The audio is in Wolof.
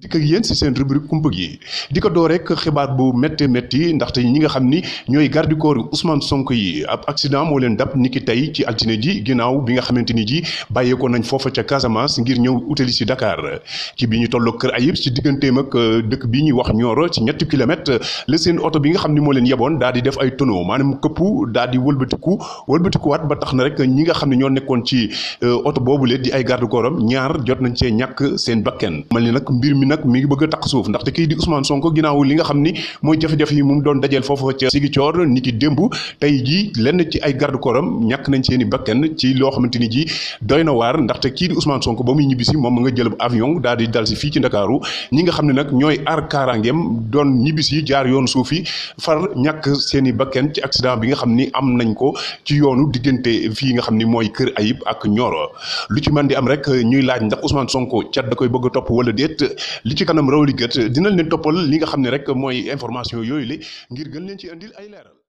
dikk ak yéen ci seen rubrique kumpa gi di ko door rek xibaar bu métti métti ndaxte ñi nga xam ni ñooy garde corps yu Ousmane yi ab accident moo leen dab niki tey ci altine ji ginnaaw bi nga xamante ni ji bàyyeekoo nañ foofa ca Casamance ngir ñëw utali si dakaar ci bi ñu tolloo Kër Ayib ci digganteem ak euh, dëkk bi ñuy wax Nioro ci ñetti kilomètre la seen oto bi nga xam ni moo leen yeboon daal di def ay tonneau maanaam këpp daal di wëlbatiku wëlbatikuwaat ba tax na rek ñi nga xam ne ñoo nekkoon ci euh, oto boobu le ay garde ñaar jot nañ cee ñàkk seen nag mi ngi bëgg a taq suuf ndaxte kii di Ousmane Sonko ginnaaw li nga xam ni mooy jafe-jafe yi mu mu doon dajeel foofu ca Ziguinchor ni ki démb tey jii lenn ci ay garde corps am ñàkk nañ seen bakken ci loo xamante ni ji doy na waar ndaxte kii di Ousmane Sonko ba muy ñibbisi moom mu nga jël avion daal di dal si fii ci Ndakaaru ñi nga xam ne nag ñooy ar kaaraangeem doon ñibbisi jaar yoon suuf yi far ñàkk seen i bakkan ci accident bi nga xam ni am nañ ko ci yoonu diggante fii nga xam ni mooy Kër Ayib ak Nioro lu ci mën di am rek ñuy laaj ndax Ousmane Sonko cat da koy bëgg a topp wala déet li ci kanam raw li gët dinañ leen toppal li nga xam ne rek mooy information yooyu le ngir gën leen ci indil ay leeral.